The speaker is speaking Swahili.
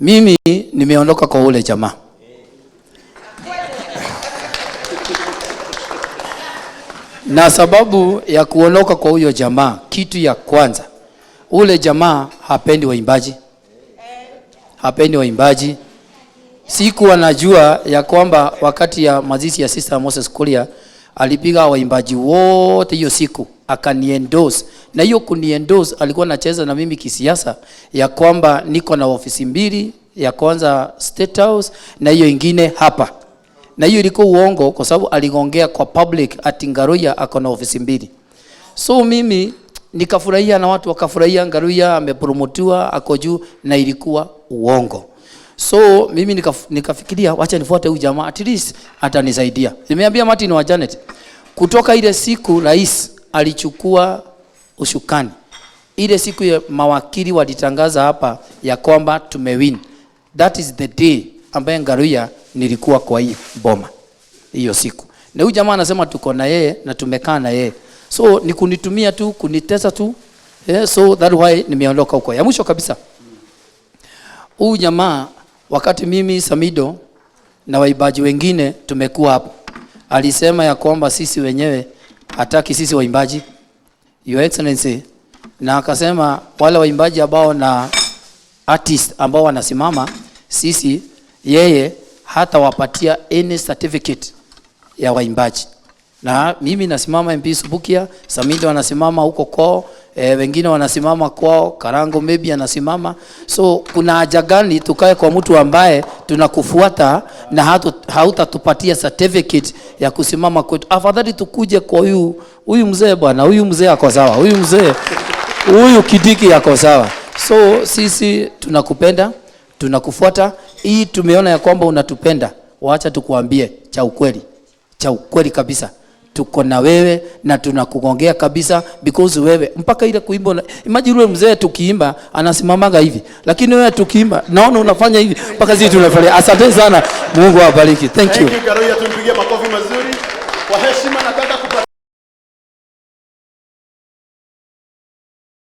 Mimi nimeondoka kwa ule jamaa na sababu ya kuondoka kwa huyo jamaa, kitu ya kwanza, ule jamaa hapendi waimbaji, hapendi waimbaji. Sikuwa najua ya kwamba wakati ya mazishi ya Sister Moses Kuria alipiga waimbaji wote hiyo siku akaniendorse, na hiyo kuniendorse, alikuwa anacheza na mimi kisiasa ya kwamba niko na ofisi mbili, ya kwanza State House na hiyo ingine hapa, na hiyo ilikuwa uongo kwa sababu aligongea kwa public ati Ngaruya ako na ofisi mbili. So mimi nikafurahia na watu wakafurahia, Ngaruya amepromotiwa ako juu, na ilikuwa uongo. So mimi nikafikiria nika wacha nifuate huyu jamaa at least atanisaidia. Nimeambia Martin wa Janet kutoka ile siku rais alichukua ushukani. Ile siku ya mawakili walitangaza hapa ya kwamba tumewin. That is the day ambaye ngaruya nilikuwa kwa hii boma. Hiyo siku. Na huyu jamaa anasema tuko na yeye na tumekaa na yeye. So ni kunitumia tu, kunitesa tu. Yeah, so that why nimeondoka huko. Ya mwisho kabisa. Huyu jamaa Wakati mimi Samido na waimbaji wengine tumekuwa hapo, alisema ya kwamba sisi wenyewe hataki sisi waimbaji, Your Excellency, na akasema wale waimbaji ambao na artist ambao wanasimama sisi, yeye hatawapatia any certificate ya waimbaji. Na mimi nasimama MP Subukia, Samido anasimama huko kwao e, wengine wanasimama kwao, Karango maybe anasimama. So kuna haja gani tukae kwa mtu ambaye tunakufuata na hautatupatia certificate ya kusimama kwetu? Afadhali tukuje kwa huyu huyu mzee bwana, huyu mzee ako sawa, huyu mzee huyu Kidiki ako sawa. So sisi tunakupenda, tunakufuata. Hii tumeona ya kwamba unatupenda, wacha tukuambie cha ukweli, cha ukweli kabisa tuko na wewe na tunakugongea kabisa because wewe mpaka ile kuimba una... imagine yule mzee tukiimba anasimamaga hivi, lakini wewe tukiimba naona unafanya hivi mpaka sisi tunafanya. Asante sana, Mungu awabariki. Thank you. Thank you. Tumpigie makofi mazuri kwa heshima na kaka